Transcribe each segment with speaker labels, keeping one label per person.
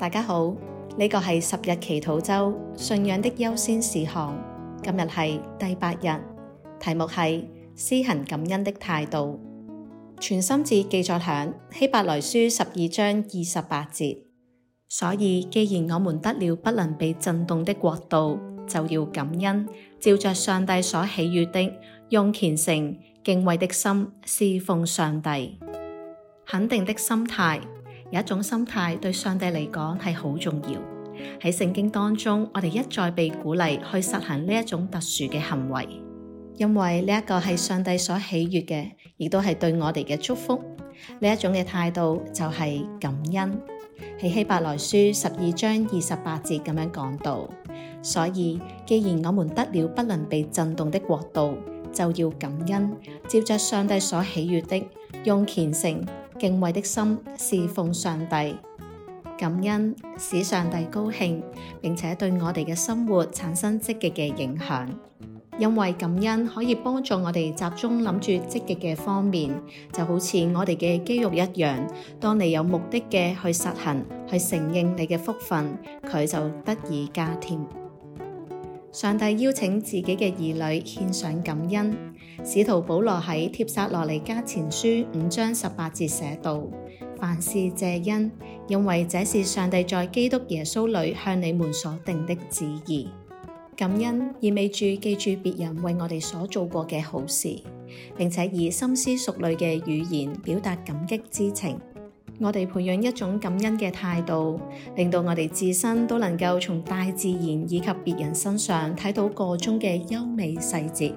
Speaker 1: 大家好，呢、這個係十日祈禱周信仰的優先事項，今日係第八日，題目係施行感恩的態度，全心記載響希伯來書十二章二十八節。所以既然我們得了不能被震動的國度，就要感恩，照着上帝所喜悅的，用虔誠敬畏的心侍奉上帝，肯定的心態。有一種心態對上帝嚟講係好重要，喺聖經當中，我哋一再被鼓勵去實行呢一種特殊嘅行為，因為呢一個是上帝所喜悅嘅，亦都係對我哋嘅祝福。呢一種嘅態度就係感恩。喺希伯來書十二章二十八節咁樣講到，所以既然我們得了不能被震動的國度，就要感恩，照着上帝所喜悅的，用虔誠。敬畏的心侍奉上帝，感恩使上帝高興，並且對我哋嘅生活產生積極嘅影響。因為感恩可以幫助我哋集中諗住積極嘅方面，就好似我哋嘅肌肉一樣。當你有目的嘅去實行，去承認你嘅福分，佢就得以加添。上帝邀請自己嘅兒女獻上感恩。使徒保羅喺帖撒羅尼加前書五章十八節寫到：凡事謝恩，因為這是上帝在基督耶穌裡向你們所定的旨意。感恩意味住記住別人為我哋所做過嘅好事，並且以深思熟慮嘅語言表達感激之情。我哋培養一種感恩嘅態度，令到我哋自身都能夠從大自然以及別人身上睇到個中嘅優美細節。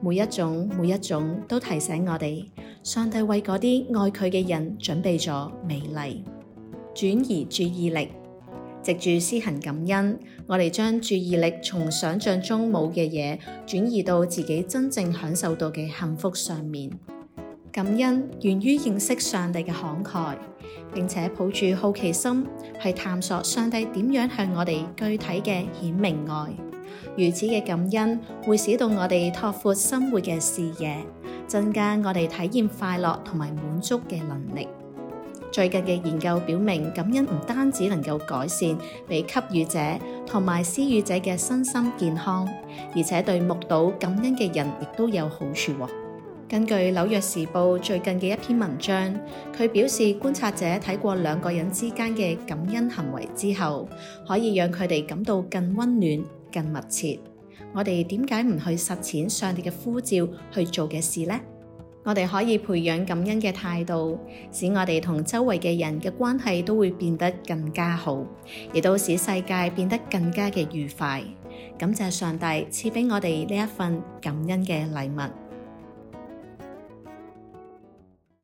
Speaker 1: 每一種每一種都提醒我哋，上帝為嗰啲愛佢嘅人準備咗美麗。轉移注意力，藉住施行感恩，我哋將注意力從想象中冇嘅嘢轉移到自己真正享受到嘅幸福上面。感恩源於認識上帝嘅慷慨，並且抱住好奇心去探索上帝點樣向我哋具體嘅顯明愛。如此嘅感恩會使到我哋拓闊生活嘅視野，增加我哋體驗快樂同埋滿足嘅能力。最近嘅研究表明，感恩唔單止能夠改善被給予者同埋施予者嘅身心健康，而且對目睹感恩嘅人亦都有好處。根據《紐約時報》最近嘅一篇文章，佢表示觀察者睇過兩個人之間嘅感恩行為之後，可以讓佢哋感到更溫暖，更密切，我哋點解唔去實踐上帝嘅呼召去做嘅事呢？我哋可以培養感恩嘅態度，使我哋同周圍嘅人嘅關係都會變得更加好，亦都使世界變得更加嘅愉快。感謝上帝賜俾我哋呢一份感恩嘅禮物。